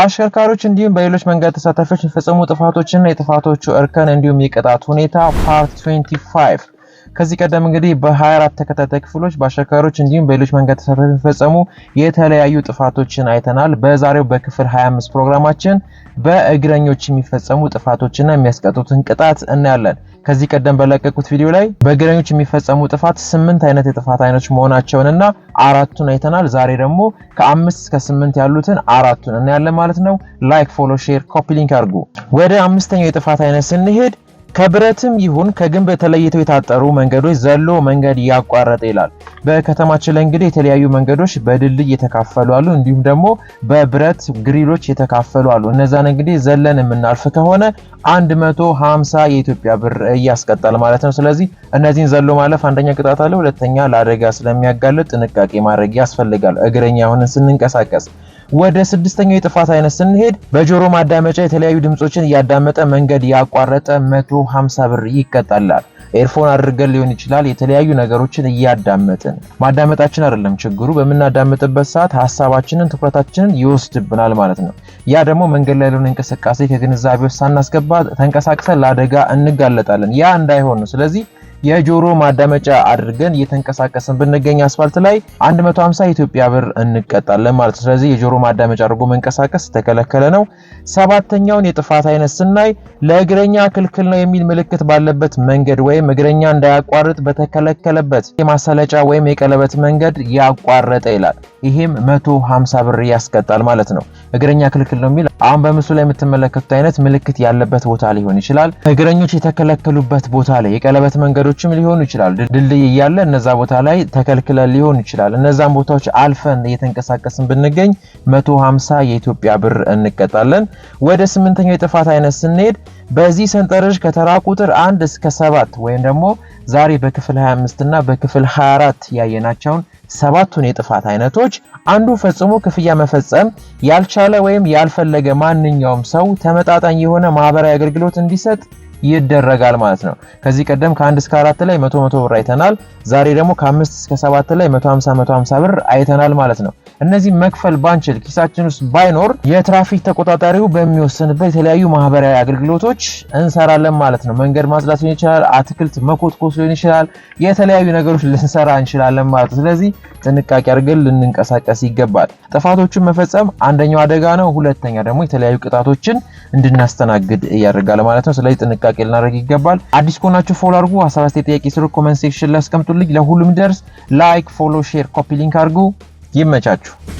በአሽከርካሪዎች እንዲሁም በሌሎች መንገድ ተሳታፊዎች የሚፈጸሙ ጥፋቶችና የጥፋቶቹ እርከን እንዲሁም የቅጣት ሁኔታ ፓርት 25 ከዚህ ቀደም እንግዲህ በ24 ተከታታይ ክፍሎች በአሽከርካሪዎች እንዲሁም በሌሎች መንገድ ተሳፋሪ የሚፈጸሙ የተለያዩ ጥፋቶችን አይተናል። በዛሬው በክፍል 25 ፕሮግራማችን በእግረኞች የሚፈጸሙ ጥፋቶችና የሚያስቀጡትን ቅጣት እናያለን። ከዚህ ቀደም በለቀቁት ቪዲዮ ላይ በእግረኞች የሚፈጸሙ ጥፋት ስምንት አይነት የጥፋት አይነቶች መሆናቸውንና አራቱን አይተናል። ዛሬ ደግሞ ከአምስት እስከ ስምንት ያሉትን አራቱን እናያለን ማለት ነው። ላይክ፣ ፎሎ፣ ሼር፣ ኮፒ ሊንክ አድርጉ። ወደ አምስተኛው የጥፋት አይነት ስንሄድ ከብረትም ይሁን ከግንብ ተለይተው የታጠሩ መንገዶች ዘሎ መንገድ ያቋረጠ ይላል። በከተማችን ላይ እንግዲህ የተለያዩ መንገዶች በድልድይ የተካፈሉ አሉ፣ እንዲሁም ደግሞ በብረት ግሪሎች የተካፈሉ አሉ። እነዛን እንግዲህ ዘለን የምናልፍ ከሆነ 150 የኢትዮጵያ ብር እያስቀጣል ማለት ነው። ስለዚህ እነዚህን ዘሎ ማለፍ አንደኛ ቅጣት አለ፣ ሁለተኛ ለአደጋ ስለሚያጋልጥ ጥንቃቄ ማድረግ ያስፈልጋል። እግረኛ ሆነን ስንንቀሳቀስ ወደ ስድስተኛው የጥፋት አይነት ስንሄድ በጆሮ ማዳመጫ የተለያዩ ድምጾችን እያዳመጠ መንገድ ያቋረጠ 150 ብር ይቀጣላል። ኤርፎን አድርገን ሊሆን ይችላል። የተለያዩ ነገሮችን እያዳመጥን ማዳመጣችን አይደለም ችግሩ፣ በምናዳምጥበት ሰዓት ሀሳባችንን፣ ትኩረታችንን ይወስድብናል ማለት ነው። ያ ደግሞ መንገድ ላይ ያለውን እንቅስቃሴ ከግንዛቤ ውስጥ ሳናስገባ ተንቀሳቅሰን ለአደጋ እንጋለጣለን። ያ እንዳይሆን ነው። ስለዚህ የጆሮ ማዳመጫ አድርገን እየተንቀሳቀስን ብንገኝ አስፋልት ላይ 150 የኢትዮጵያ ብር እንቀጣለን ማለት ስለዚህ የጆሮ ማዳመጫ አድርጎ መንቀሳቀስ የተከለከለ ነው። ሰባተኛውን የጥፋት አይነት ስናይ ለእግረኛ ክልክል ነው የሚል ምልክት ባለበት መንገድ ወይም እግረኛ እንዳያቋርጥ በተከለከለበት የማሰለጫ ወይም የቀለበት መንገድ ያቋረጠ ይላል። ይሄም 150 ብር ያስቀጣል ማለት ነው። እግረኛ ክልክል ነው የሚል አሁን በምስሉ ላይ የምትመለከቱት አይነት ምልክት ያለበት ቦታ ሊሆን ይችላል። እግረኞች የተከለከሉበት ቦታ ላይ የቀለበት መንገዶችም ሊሆኑ ይችላል። ድልድይ እያለ እነዛ ቦታ ላይ ተከልክለን ሊሆን ይችላል። እነዛን ቦታዎች አልፈን እየተንቀሳቀስን ብንገኝ 150 የኢትዮጵያ ብር እንቀጣለን። ወደ ስምንተኛው የጥፋት አይነት ስንሄድ በዚህ ሰንጠረዥ ከተራ ቁጥር 1 እስከ 7 ወይም ደግሞ ዛሬ በክፍል 25 እና በክፍል 24 ያየናቸውን ሰባቱን የጥፋት አይነቶች አንዱ ፈጽሞ ክፍያ መፈጸም ያልቻለ ወይም ያልፈለገ ማንኛውም ሰው ተመጣጣኝ የሆነ ማህበራዊ አገልግሎት እንዲሰጥ ይደረጋል ማለት ነው። ከዚህ ቀደም ከ1 እስከ 4 ላይ 100 100 ብር አይተናል። ዛሬ ደግሞ ከ5 እስከ 7 ላይ 150 150 ብር አይተናል ማለት ነው። እነዚህ መክፈል ባንችል ኪሳችን ውስጥ ባይኖር የትራፊክ ተቆጣጣሪው በሚወሰንበት የተለያዩ ማህበራዊ አገልግሎቶች እንሰራለን ማለት ነው። መንገድ ማጽዳት ሊሆን ይችላል፣ አትክልት መኮትኮስ ሊሆን ይችላል። የተለያዩ ነገሮች ልንሰራ እንችላለን ማለት ነው። ስለዚህ ጥንቃቄ አድርገን ልንንቀሳቀስ ይገባል። ጥፋቶቹን መፈጸም አንደኛው አደጋ ነው። ሁለተኛ ደግሞ የተለያዩ ቅጣቶችን እንድናስተናግድ እያደርጋል ማለት ነው። ስለዚህ ጥንቃቄ ጥንቃቄ ልናደርግ ይገባል። አዲስ ከሆናችሁ ፎሎ አድርጉ። ሀሳብ አስተያየት፣ ጥያቄ ስሩ፣ ኮመንት ሴክሽን ላይ አስቀምጡልኝ። ለሁሉም ደርስ ላይክ፣ ፎሎ፣ ሼር፣ ኮፒ ሊንክ አድርጉ። ይመቻችሁ።